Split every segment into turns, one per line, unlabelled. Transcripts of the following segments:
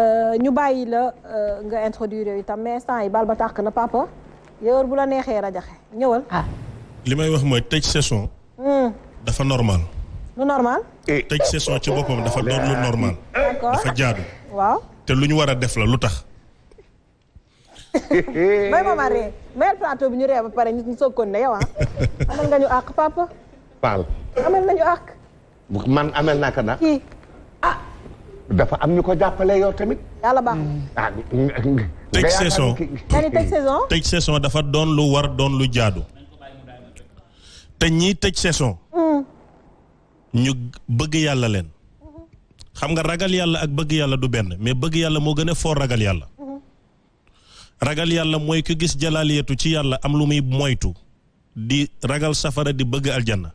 Euh, ñu bàyyi la euh, nga introduire itam mais instant yi bal ba tàkk na papa yow bu la neexee rajaxe ñëwal. Ah.
li may wax mooy tëj saison. Hmm. dafa normal. lu normal. Eh. tëj saison ci boppam dafa doon lu normal. dafa jaadu. waaw te lu ñu war a def la lu tax.
may mama ree mayel plateau bi ñu ree ba pare ñu soog kon ne yow ah. nga ñu àq papa. Paal. amal nañu
àq. dafa am ñu ko jàppale yow tamit. yàlla tëj saison tëj saison. dafa doon
lu war doon lu jaadu. te ñiy tëj saison. Mm. ñu bëgg yàlla leen. xam nga ragal yàlla ak bëgg yàlla du benn mais bëgg yàlla moo gën a foo ragal yàlla. Mm-hmm. ragal yàlla mooy ku gis jalaaliyatu ci yàlla am lu muy moytu di ragal safara di bëgg aljanna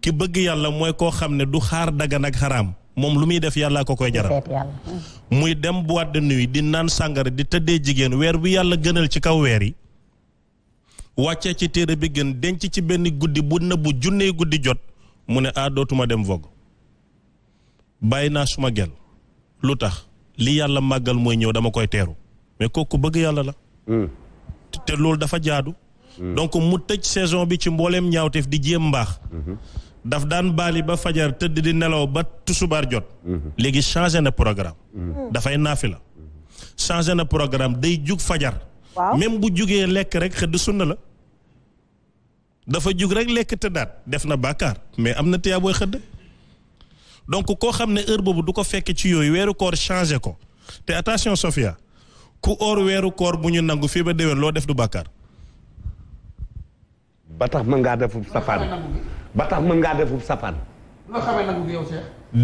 ki bëgg yàlla mooy koo xam ne du xaar dagan ak xaraam. moom lu muy def yàlla ko koy jaral muy dem boîte de nuit di naan sàngara di tëddee jigéen weer bu yàlla gënal ci kaw weer yi wàccee ci téere bi gën denc ci benn guddi bu nëbbu junnee guddi jot mu ne ah dootuma dem vogue bàyyi naa suma gel lu tax li yàlla màggal mooy ñëw dama koy teeru mais kooku bëgg yàlla la hmm. te loolu dafa jaadu hmm. donc mu tëj saison bi ci mbooleem ñaawteef di jéem mbaax hmm. daf daan baali ba fajar tëdd di nelaw ba tusubaar jot. Mhm. léegi changé na programme. Mhm. dafay la mhm. changé na programme day jug fajar. waaw même bu jugee lekk rek xëdd sunna la. dafa jug rek lekk tëddaat def na bàkkaar mais am na téya booy xëdd. donc koo xam ne heure boobu du ko fekk ci yooyu weeru koor changé ko te attention Sofia ku oor weeru koor bu ñu nangu fii ba déwén loo def du bàkkaar.
ba tax mën ngaa def safaan ba tax mën ngaa defub safaan. loo xamee nangu yow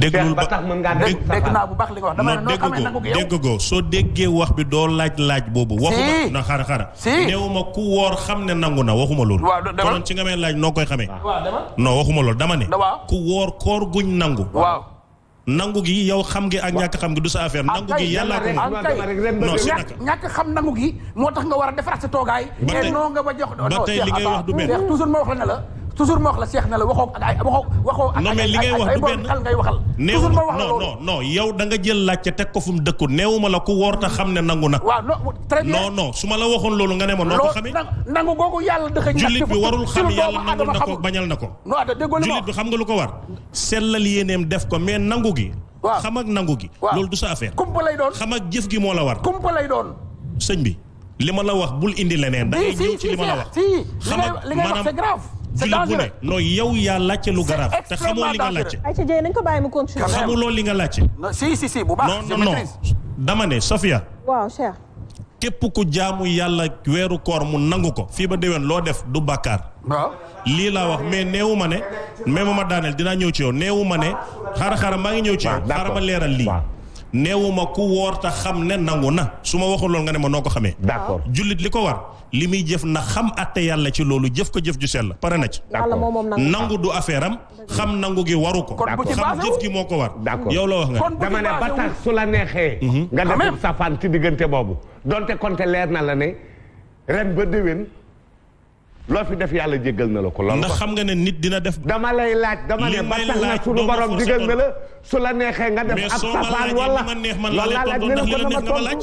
déggul ba tax mën ngaa def safaan noo xamee nangu yow
dégg ko soo déggee wax bi doo laaj laaj boobu. waxuma na xara xara.
si néewuma ku woor
xam ne nangu na waxuma loolu. waaw dama konoon ci laaj noo koy xamee. waaw waxuma loolu dama ne. ku woor koor guñ yow xam ngi ak ñàkk xam ngi du sa affaire nangu
xam nangu gi moo nga war a defaraat sa toogaay. ba tey li ngay wax du benn toujours ma wax la ne la toujours ma wax la Cheikh ne la waxoo ak ay waxoo waxoo. ak ay ay ay borom xel ngay waxal. toujours ma wax la loolu non
non yow da nga jël laajte teg ko fu mu la ku woor xam ne nangu na waaw non très su ma la waxoon loolu nga ne ma noo ko xamee.
nangu googu yàlla dëxëñ. jullit bi warul xam yàlla nangul na ko bañal na ko. non de déggoo li ma jullit
bi xam nga lu ko war. sellal yéeneem def ko mais nangu gi. waaw xam ak nangu gi. waaw loolu du sa affaire. kumpa lay doon xam ak jëf gi moo la war. kumpa lay doon. sëñ bi li ma la wax bul indi leneen. da ngay ñëw ci li ma la wax. si
si li ngay wax c'est grave c'est bu ne
non yow yaa laajte lu garab. te xamoo li nga laajte.
bàyyi mu continuer. xamuloo
li nga laajte. si
si si bu baax. non non
dama ne Sofia. képp ku jaamu yàlla weeru koor mu nangu ko fii ba déwén loo def du bàkkaar. lii laa wax mais néewu ma ne. mais ma daaneel dinaa ñëw ci yow néewu ma ne. xaaral xaaral maa ngi ñëw ci yow. xaaral ma leeral lii. neewuma ku woor ta xam ne nangu na su ma waxul loolu nga ne ma noo ko xamee. d'accord jullit li ko war li muy jëf na xam atte yàlla ci loolu jëf ko jëf ju sell pare na ci. nangu du affaire am xam nangu
gi waru ko. xam jëf gi
moo ko war. yow la wax nga. dama ne ba tax
su la neexee. Mhm. nga def safaan ci diggante boobu donte konte leer na la ne ren ba déwén. loo fi def yàlla jéggal na la ko loolu ndax xam nga ne nit dina def dama lay laaj dama ne ba tax na suñu borom digal na la su la neexee nga def ab safaan wala ma man la lay tontu ndax li nga ma laaj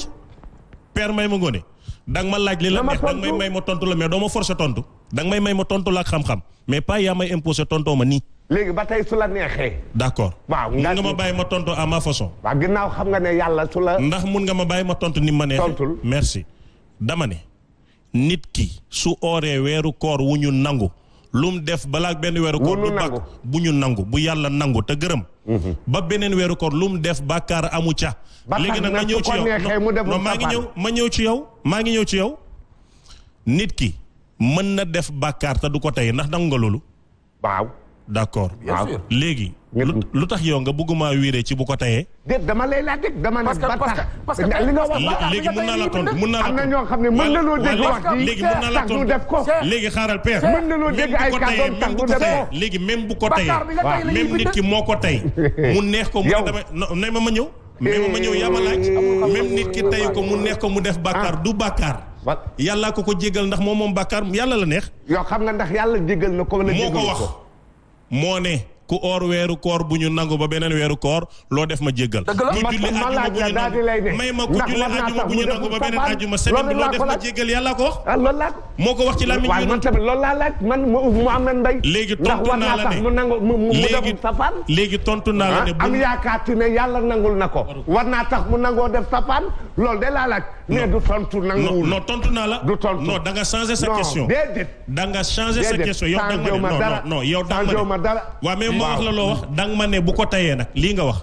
père may ma ngoone danga ma laaj li la neex danga may ma tontu la mais doo ma forcé tontu danga may may ma tontu la ak xam-xam mais paa yaa may imposé tontoo ma nii léegi ba tey su la neexee d'accord waaw mun nga ma bàyyi ma tontu à ma façon waaw ginnaaw
xam nga ne yàlla su la ndax
mun nga ma bàyyi ma tontu ni ma neexee merci dama ne nit ki su ooree weeru koor wu ñu nangu lu mu def balaa benn weeru koor du bàkk bu ñu nangu bu yàlla nangu te gërëm mhm. ba beneen weeru koor lu mu def bàkkaar amu ca léegi nag ma ñëw ci yow non maa ngi ñëw ma ñëw ci yow maa ngi ñëw ci yow nit ki mën na def bàkkaar te du ko tey ndax nangu nga loolu waaw d'accord léegi lu tax yow nga bëgguma wiiree ci bu ko tayee.
déet dama lay laaj rek dama ne. parce que li nga wax léegi mën naa la tontu mën naa la am xam ne mën na loo dégg wax ji tax ñu def ko léegi xaaral père. mën na bu
ko tayee même nit ki moo ko tay mu neex ko mu dama ne ma ma ñëw. mais ma ñëw yaa ma laaj même nit ki tay ko mu neex ko mu def bàkkaar ah. du bàkkaar. yàllaa ko ko jégal ndax moom moom bàkkaar yàlla la neex. yoo xam nga ndax yàlla jégal na ko. moo ko wax moo ne ku oor weeru koor bu ñu nangu ba beneen weeru koor loo def ma jéggal ku julli ajuma
bu ñu may ma ku julli ajuma bu ñu nangu ba beneen ajuma semaine bi loo def ma jéggal yàlla ko wax ah, loolu laaj moo ko wax ci làmmiñ waaye man tamit loolu laa laaj man mu am na ndey léegi tontu naa la ne mu nangu mu def safaan léegi tontu naa la ah, ne am yaakaar ci ne yàlla nangul na ko war naa tax mu nangoo def safaan loolu de laa laaj mais du tontu nanguwul non tontu naa la du tontu non da nga changé sa question da nga changé sa question yow da nga ma non non yow da nga ma dara waaw mais ma wax la
loo wax danga ma ne bu ko tayee nag lii nga wax.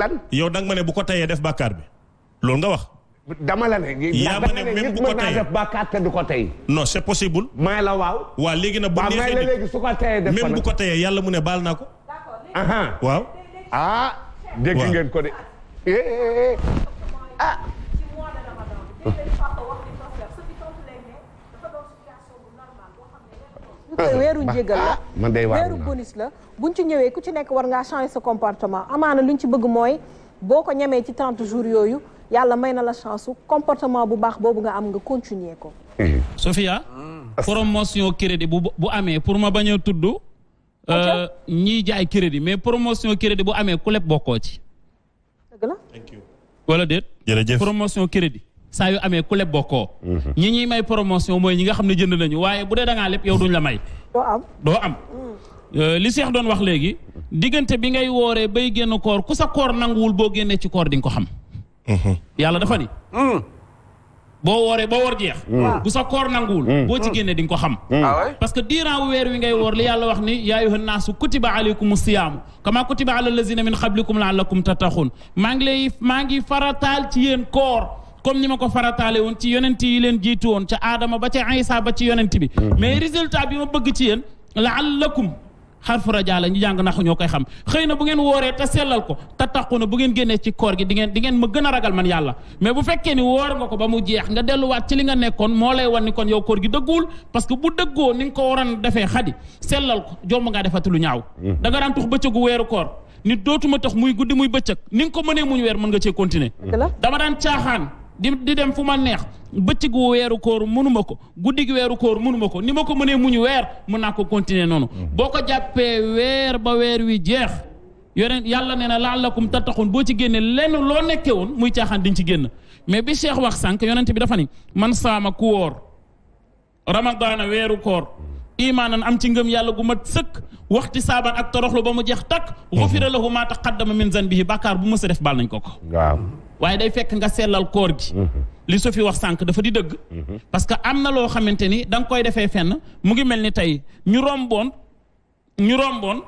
lan yow danga ma ne bu ko tayee def bàkkaar bi
loolu nga wax. dama la ne. yaa ma ne bu ko tayee def bàkkaar te du ko tey. non c'est possible. may la waaw. waaw léegi nag bu neexee la léegi su ko tayee def bu ko tayee yàlla mu ne baal naa ko. waaw. ah dégg ngeen ko de. Eh, eh, eh, ah.
bu weeru njégal la ah, man day waar weeru bonus la buñ ci ñëwee ku ci nekk war ngaa changer sa comportement amaana luñ ci bëgg mooy boo ko ñemee ci 30 jours yooyu yàlla may na la chance su comportement bu baax boobu nga am nga continuer ko
mhm. Sophia ah. promotion crédit bu bu amee pour ma bañ a tudd euh, ñiy jaay crédit mais promotion crédit bu amee ku leb bokkoo ci dëgg la wala déet jërëjëf promotion crédit saa yu amee ku leb bokkoo mhm. ñi ñuy may promotion mooy ñi nga xam ne jënd nañu waaye bu dee da ngaa yow duñ la may doo am doo am mm. euh, li Cheikh doon wax léegi diggante bi ngay wooree bay génn koor ku sa koor nanguwul boo génnee ci koor di ko xam mhm. yàlla dafa ni mm. boo wooree boo woor jeex mm. bu sa koor nanguwul boo ci génnee di nga ko xam ah parce que diiran weer wi ngay woor li yàlla wax ni yaa ayyuhan naasu kutiba alaykum siyaamu kama kutiba ala lazina min qablikum laallakum tattaxun ta ngi lay maa ngi farataal ci yéen koor comme ni ma ko farataale woon ci yonent yi leen jiitu woon ca aadama ba ca Isa ba ci yonent bi mhm. mais résultat bi ma bëgg ci yéen laallakum xarfu rajaala ñu jàng nax ñoo koy xam xëy na bu ngeen wooree te sellal ko te taqu na bu ngeen génnee ci koor gi di ngeen di ngeen ma gën a ragal man yàlla mais bu fekkee ni woor nga ko ba mu jeex nga delluwaat ci li nga nekkoon moo lay wan ni kon yow koor gi dëgguwul parce que bu dëggoo ni nga ko waroon defee xadi sellal ko jomb ngaa defati lu ñaaw mhm. da nga daan tux bëccëgu weeru koor nit dootuma tax muy guddi muy bëccëg ni nga ko mënee muñ weer mën nga cee continuer di di dem fu ma neex bëccëgu weeru koor mënuma ko guddi gi weeru koor mënuma ko ni ma ko mënee muñu weer mën naa ko continuer noonu. Mhm. boo ko jàppee weer ba weer wi jeex. yonent yàlla nee na laallakum tattaxun boo ci génnee lenn loo nekkee woon muy caaxaan diñ ci génn mais bi Cheikh wax sànq yonent bi dafa ni man saama ku woor ramadaana weeru koor imaanan am ci ngëm yàlla gu mat sëkk waxti saaban ak toroxlu ba mu jeex takk xufira mhm. lahu maa taqaddama min zanbihi bàkkaar bu mës a def baal nañ ko ko waaye day fekk nga sellal koor gi mhm. li su fi wax sànq dafa di dëgg mhm. parce que am na loo xamante ni danga koy defee fenn mu ngi mel ni tey ñu romboon ñu romboon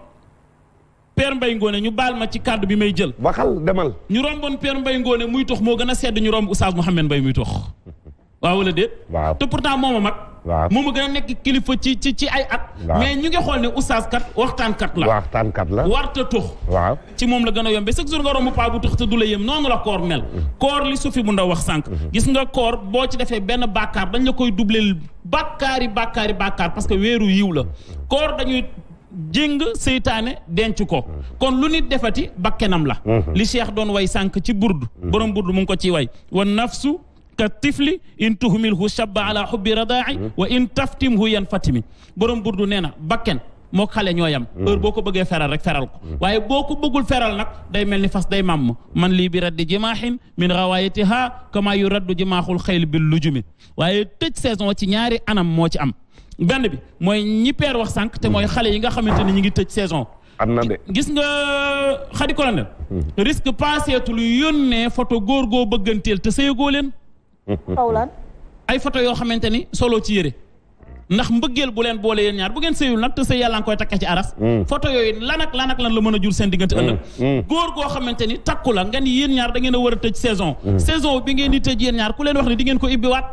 per mbay Ngone ñu baal ma ci kàddu bi may jël waxal demal ñu romboon Père mbay Ngone muy tox moo gën a sedd ñu romb Oustaz Mouhamed Mbaye muy tox waaw wala déet te pourtant mooma mag waaw moo ma gën a nekk kilifa ci ci ci ay at. mais ñu ngi xool ne oustaz kat waxtaankat la. waxtaankat la warta tux waaw ci moom la gën a yombe chaque jour nga romb paa bu tux te du la yem noonu la koor mel. Mm-hmm. koor li su fi mu ndaw wax sànq. Mm-hmm. gis nga koor boo ci defee benn bàkkaar dañ la koy doubleel bàkkaari bàkkaari bàkkaar parce que weeru yiw la mm-hmm. koor dañuy. jéng seytaane denc ko kon lu nit defati bakkenam la li cheikh doon way sànq ci burdu borom burdu mu ngi ko ci way wa nafsu ka tifli in tuhmilhu shabba ala hubbi radaa'i hmm. wa in taftimhu yan fatimi borom burdu nee bakken moo xale ñoo yam hmm. heure boo ko bëggee feral rek feral ko hmm. waaye boo ko bëggul feral nag day mel ni fas day màmm man lii bi raddi jimaaxin min rawayatiha kama yu raddu jimaaxul xayl bil lujumi waaye tëj saison ci ñaari anam moo ci am benn bi mooy ñi peer wax sànq te mooy xale yi nga xamante ni ñu ngi tëj saison am na de gis nga xadi colonel risque passé tul yónnee photo taw ay foto yoo xamante ni solo ci yére ndax mbëggeel bu leen boole yéen ñaar bu ngeen sëyul nag te sëy yàlla nga koy takkee ci aras mm. photo yooyu lan ak lan la mën a jur seen diggante ëllëg mm. Mm. góor goo xamante ni takku la nga ni yéen ñaar da ngeen a war a tëj saison saison bi ngeen di tëj yéen ñaar ku leen wax ni di ngeen ko ibbiwaat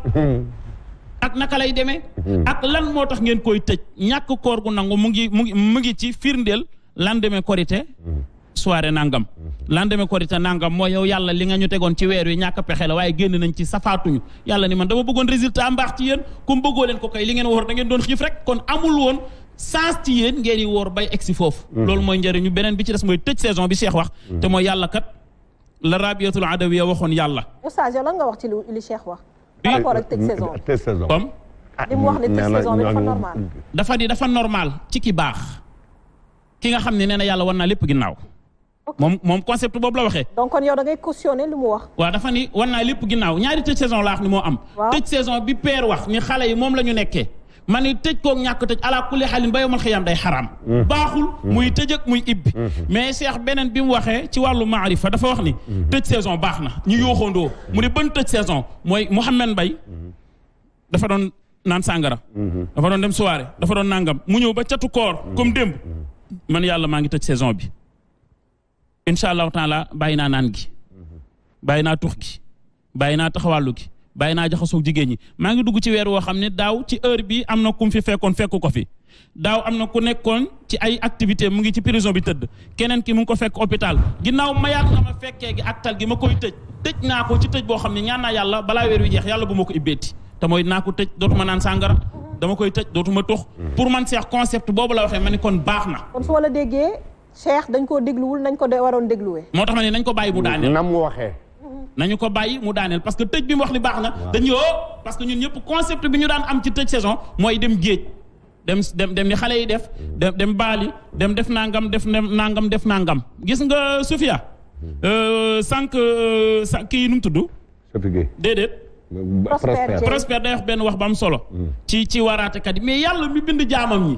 ak naka lay demee ak lan moo tax ngeen koy tëj ñàkk koor gu nangu mu ngi mu ngi mu ngi ci firndeel lan demee korité soirée nangam lendemain korité nangam mooy yow yàlla li nga ñu tegoon ci weer wi ñàkk pexe la waaye génn nañ ci safaatuñu yàlla ni man dama bëggoon résultat mbaax ci yéen comme bëggoo leen ko kay li ngeen woor da ngeen doon xiif rek kon amul woon sans ci ngeen yi woor bay egsi foofu mm. loolu mooy njëriñu beneen bi ci des mooy tëj saison bi Cheikh wax mm. te mooy yàlla kat la rabiatul adawiya waxoon yàlla
oustaz yow lan nga wax ci li Cheikh wax
par rapport ak tëj mm. saison tëj saison comme ah, li mu wax ne dafa
normal
dafa di ci ki baax ki nga xam ne nee na yàlla war naa lépp ginnaaw moom moom concept boob la waxee. donc kon yow da ngay cautionné lu mu wax. waaw dafa ni war naa lépp ginnaaw ñaari tëj saison laax ni moo am. tëj saison bi père wax ni xale yi moom lañu ñu nekkee. ma ni tëj koog ñàkk tëj ala kulli xalin ba yomal xiyaam day xaraam. Mm. baaxul mm. muy tëj ak muy ibbi. Mm-hmm. mais Cheikh beneen bi mu waxee ci wàllu fa dafa wax ni. Mm-hmm. tëj saison baax na ñu yooxoondoo mu ne ban tëj saison mooy xam Mouhamed bay mm-hmm. dafa doon naan sàngara. dafa doon dem soirée dafa doon nangam mu ñëw ba catu koor comme démb man yàlla maa ngi tëj saison bi. incha allahu taala bàyyi naa naan gi bàyyi naa tux gi bàyyi naa taxawàllu gi bàyyi naa jaxasoo jigéen ñi maa ngi dugg ci weer woo xam ne daaw ci heure bi am na ku mu fi fekkoon fekk ko fi daaw am na ku nekkoon ci ay activité mu ngi ci prison bi tëdd keneen ki mu ngi ko fekk hôpital ginnaaw mayaat na ma fekkee gi tal gi ma koy tëj tëj naa ko ci tëj boo xam ne ñaan naa yàlla balaa weer wi jeex yàlla bu ma ko ibbeeti te mooy naa ko tëj dootuma naan sàngara dama koy tëj dootuma tux mm-hmm. pour man seex concept boobu la waxee ma ne kon baax na
Cheikh dañ koo dégluwul nañ ko de waroon dégluwee.
moo tax ma ne nañ ko bàyyi mu daaneel. nam mu waxee. nañu ko bàyyi mu daaneel parce que tëj bi mu wax ni baax na. dañu yoo parce que ñun ñëpp concept bi ñu daan am ci tëj saison mooy dem géej. dem dem dem ni xale yi def dem dem baali dem def nangam def nangam def nangam gis nga Sofia hmm. euh, sànq euh, sa kii nu mu tudd. déedéet. Prospère Prospère day wax benn wax ba solo. Hmm. ci ci waraatekat yi mais yàlla mi bind jaamam ñi.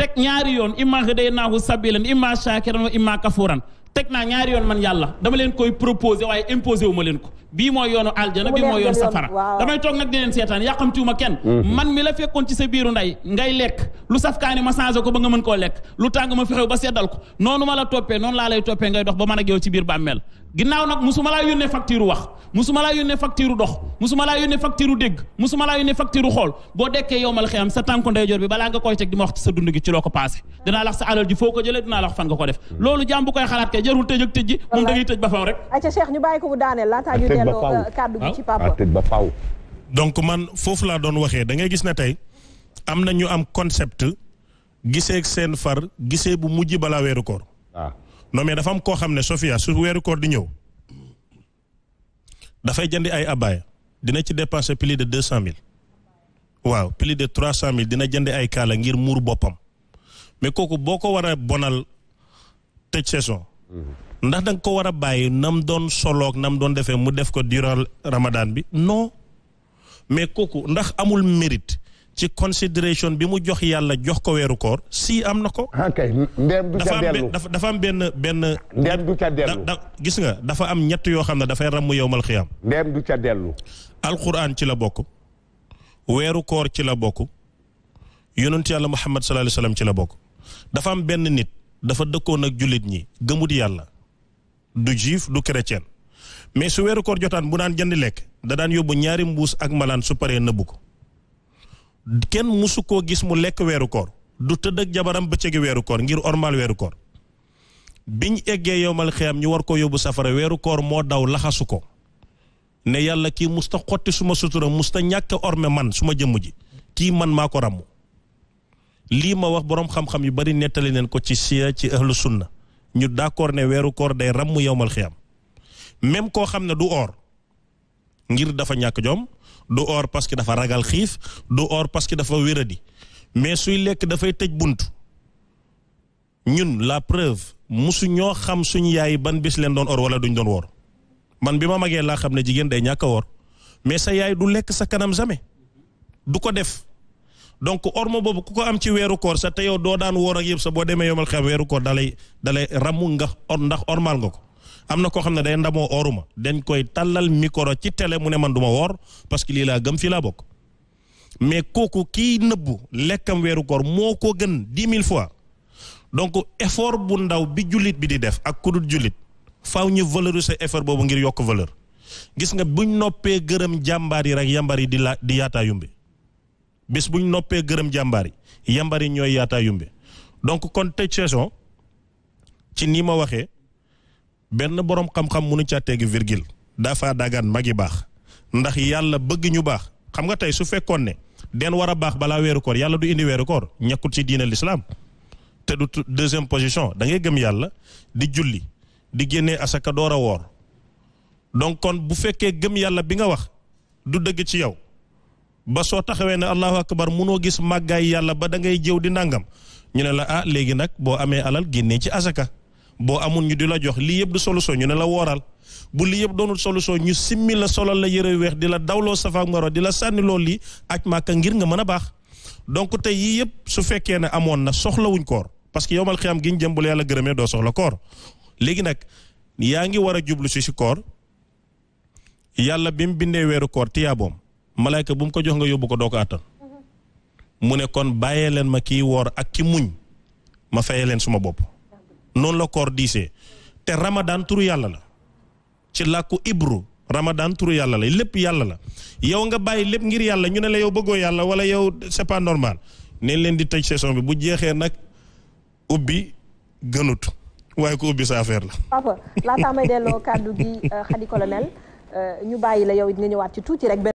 teg ñaari yoon imma hadaynaahu sabilan imma shakiran wa imma kafuran teg naa ñaari yoon man yàlla dama leen koy proposé waaye imposé wu leen ko bii mooy yoonu aljana bii mooy yoon safara damay toog nag di leen seetaan yàqamtiwuma kenn mhm. man mi la fekkoon ci sa biiru ndey ngay lekk lu safkaani ma changé ko ba nga mën koo lekk lu tàng ma fexew ba seddal ko noonu ma la toppee noonu laa lay toppee ngay dox ba man ak yow ci biir bàmmeel ginnaaw nag musuma laa yónnee facture wax musuma laa yónnee facture dox musuma laa yónnee facture dégg musuma laa yónnee facture xool boo dekkee yow mal xiyam sa tànku ndeyjoor bi balaa nga koy teg di ma wax ci sa dund gi ci loo ko paase dinaa lax sa alal ji foo ko jëlee dinaa lax fan nga ko def loolu jaam bu koy xalaat kay jarul tëj ak tëj ji moom da ngay tëj ba faw rek
ayca Cheikh ñu bàyyi ko bu daaneel laataa ñu delloo euh, kàddu
gi ci papa ah, tëj ba donc man foofu laa doon waxee da ngay gis na tey am na ñu am concept gisee seen far gisee bu mujj balaa weeru koor ah. non mais dafa am koo xam ne Sofia su weeru koor di ñëw dafay jëndi ay abaya dina ci dépenser plus de deux cent mille waaw plus de trois cent mille dina jëndi ay kaala ngir muur boppam mais kooku boo ko war bonal tëj saison. ndax da nga ko war a bàyyi nam doon soloog nam doon defee mu def ko durant ramadan bi non mais kooku ndax amul mérite ci considération bi mu jox yàlla jox ko weeru koor si am na ko. Ah, kay ndéem du ca dellu dafa dafa am benn benn. ndéem du ca gis nga dafa am ñett yoo xam ne dafay ràmm yowmal xiyaam. ndéem du ca dellu. alquran ci la bokk. weeru koor ci la bokk. yonent yàlla muhammad sallallahu alayhi ci la bokk. dafa am benn nit dafa dëkkoon ak jullit ñi gëmut yàlla. du juif du chrétien. mais su weeru koor jotaan mu daan jënd lekk da daan yóbbu ñaari mbuus ak malaan su paree nëbbu ko. kenn musu koo gis mu lekk weeru koor du tëdd ak jabaram bëccëgi weeru koor ngir ormal weeru koor biñ eggee yowmal xiyam ñu war ko yóbbu safara weeru koor moo daw laxasu ko ne yàlla kii musta xotti suma sutura musta ñàkk orme man suma jëmm ji kii man maa ko ràmm lii ma wax boroom xam-xam yu bari nettali neen ko ci siya ci ahlu sunna ñu d'accord ne weeru koor day ràmm yowmal xiyam même koo xam ne du or ngir dafa ñàkk jom du or parce que dafa ragal xiif du or parce que dafa wéradi mais suy lekk dafay tëj bunt ñun la preuve musu ñoo xam suñu yaay ban bis leen doon or wala duñ doon woor man bi ma magee laa xam ne jigéen day ñàkk a woor mais sa yaay du lekk sa kanam jamais du ko def donc ormo boobu ku ko am ci weeru koor sa te yow doo daan woor ak yëpp sa boo demee yomal xam weeru koor dalay dalay ramu nga or ndax ormal nga ko am na koo xam ne day ndamoo ooruma dañ koy tàllal micro ci télé mu ne man duma ma woor parce que lii laa gëm fii laa bokk mais kooku kii nëbbu lekkam weeru koor moo ko gën dix mille fois donc effort bu ndaw bi jullit bi di def ak ku dul jullit faaw ñu sa effort boobu ngir yokk valeur gis nga buñ noppee gërëm jàmbaar yi rek yambar yi di la di yaataa yumbe bis buñ noppee gërëm jàmbaar yi yambar yi ñooy yaataa yumbe donc kon tëj saison ci ni ma waxee benn borom xam-xam nu caa teggi virgule dafa dagaan magi baax ndax yàlla bëgg ñu baax xam nga tey su fekkoon ne den war a baax balaa weeru koor yàlla du indi weeru koor ñàkkul ci diine l'islam te du deuxième position da ngay gëm yàlla di julli di génnee asaka door a woor donc kon bu fekkee gëm yàlla bi nga wax du dëgg ci yow ba soo taxawee ne allahu bar munoo gis màggaay yàlla ba da ngay jëw di ndàngam ñu ne la ah léegi nag boo amee alal génnee ci asaka boo amul ñu di la jox lii yëpp du solution ñu ne la wooral bu lii yëpp doonul solution ñu simmi la solal la yëre weex di la dawloo safaak maro di la sànni lool lii aj màkka ngir nga mën a baax donc tey yii yëpp su fekkee ne amoon na soxlawuñ koor parce que yowmal xiyaam gi ñu jëm bu la yàlla gërëmee doo soxla koor léegi nag yaa ngi war a jublu si si koor yàlla bi mu bindee weeru koor tiyaaboom malayka bu mu ko jox nga yóbbu ko doo ko àttan mu ne kon bàyyee leen ma kii woor ak ki ma fayee leen suma bopp noonu la koor diisee te ramadan turu yàlla la ci làkku ibru ramadan turu yàlla la lépp yàlla la yow nga bàyyi lépp ngir yàlla ñu ne la yow bëggoo yàlla wala yow c'est pas normal neen leen di tëj saison bi bu jeexee nag ubbi gënut waaye ko
ubbi sa affaire la. papa laataa delloo kàddu gi xadi euh, colonel euh, ñu bàyyi la yow it nga ñëwaat ci tuuti rek.